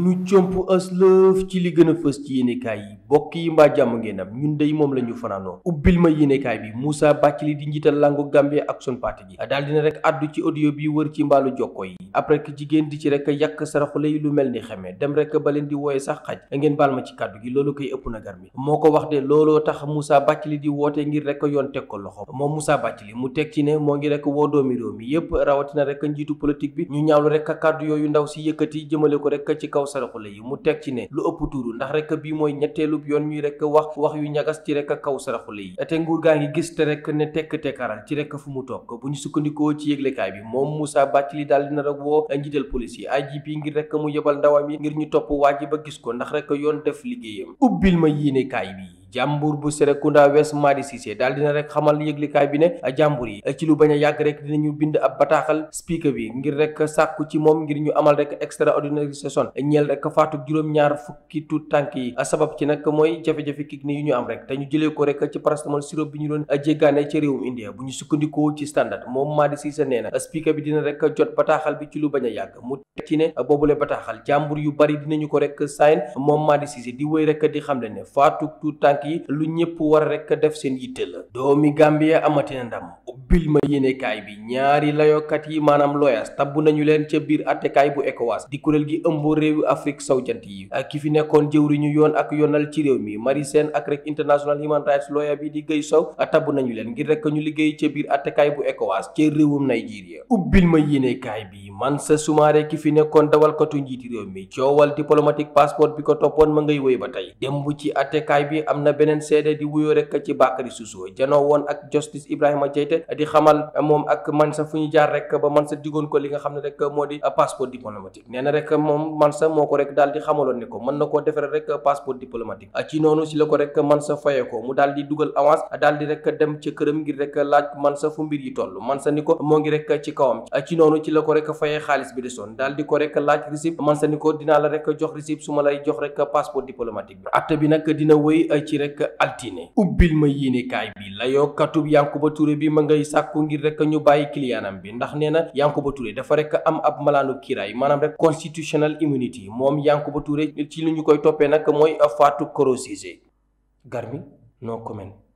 ñu comp as lëf ci li gën a fës ci yéenekaay yi bokk yi mbaa jàmm ngeen am ñun dey moom la ñu fanaanoo ubbil ma yéenekaay bi Moussa Bathily di njiital langu Gambie Action Party gi daal dina rek àddu ci audio bi wër ci mbaalu jokko yi après que jigéen di ci rek yàq saraxulay lu mel ni xeme dem rek ba leen di wooye sax xaj ngeen baal ma ci kàddu gi loolu koy ëpp na gar mi moo ko wax de looloo tax Moussa li di woote ngir rek yoon teg ko loxo moom Moussa Bathily mu teg ci ne moo ngi rek woo doomi réew mi yépp rawatina rek njiitu politique bi ñu ñaawlu rek kàddu yooyu ndaw si yëkkati jëmale ko rek ci kaw saraxule yi mu teg ci ne lu ëpp tuuru ndax rek bii mooy ñetteelub yoon ñuy rek wax wax yu ñagas ci rek kaw saraxule yi te nguur gaa ngi gis te rek ne tekk tekkaaral ci rekk fu mu toog bu ñu sukkandikoo ci yëglekaay bi moom Moussa Bathily daal dina rek woo njiital police yi IGP ngir rek mu yebal ndawam yi ngir ñu topp waa ji ba gis ko ndax rek yoon def liggéeyam ubbil ma yéene kaay bi jàmbur bu Serekunda West Madi Cissé daal dina rek xamal yëglikaay bi ne jàmbur yi eh, a yàgg ñu amal rek extraordinary session eh, ñeel rek faatu juróom-ñaar fukki tuut tànk yi ah, sabab ci nag mooy jafe-jafe kidney yu ñu am rek te ñu ko rek ci paracetamol sirop bi ñu doon eh, jéggaane ci réewum India bu ñu sukkandikoo ci standard moom Madi Cissé nee na speaker bi dina rek jot bataaxal bi ci lu bañ a yàgg mu teg ci ne boobule bataaxal jàmbur yu bari dinañu ko rek sign moom Madi di wéy rek di xamle ne faatu tuut tànk attaques yi lu ñëpp war rek def seen yitte la doomi Gambia amatina ndam ubbil ma yéenekaay bi ñaari layokat yi maanaam loyas tabbu nañu leen ca biir attekaay bu ECOWAS di kuréel gi ëmb réew Afrique sowjant yi ak ki fi nekkoon jëwriñu yoon ak yoonal ci réew mi Marie seen ak rek international human rights lawyer bi di Guèye Sow tabbu nañu leen ngir rek ñu liggéey ca biir attekaay bu ECOWAS ca réewum Nigeria ubbil ma yéenekaay bi Mansa Soumaré ki fi nekkoon dawalkatu njiiti réew mi coowal diplomatique passeport bi ko toppoon ma ngay wéy ba tey démb ci attekaay bi am na beneen seede di wuyoo rek ci Bakary Suso janoo woon ak justice Ibrahima Diaité di xamal moom ak Mansa fu ñu jaar rek ba Mansa digoon ko li nga xam ne rek moo di passeport diplomatique nee na rek moom Mansa moo ko rek daal di xamaloon ne ko mën na koo defare rek passeport diplomatique ci noonu si la ko rek Mansa faye ko mu daal di dugal avance daal di rek dem këram ngir rek laaj Mansa fu mbir yi toll Mansa ni ko moo ngi rek ci kawam ci noonu ci la ko rek fay fayee xaalis bi de desoon daal di ko rek laaj récip man sa ni ko dinaa la rek jox récip su ma lay jox rek passeport diplomatique bi atte bi nag dina woy a euh, ci rek altine ubbil ma yéenekaay bi yokkatu katub ba Touré bi ma ngay sàkku ngir rek ñu bàyyi clientam bi ndax nee na Yankuba Touré dafa rek am ab malaanu kiiraay maanaam rek constitutional immunity moom ba Touré ci li ñu koy toppee nag mooy Fatou Koro Cissé Garmi no comment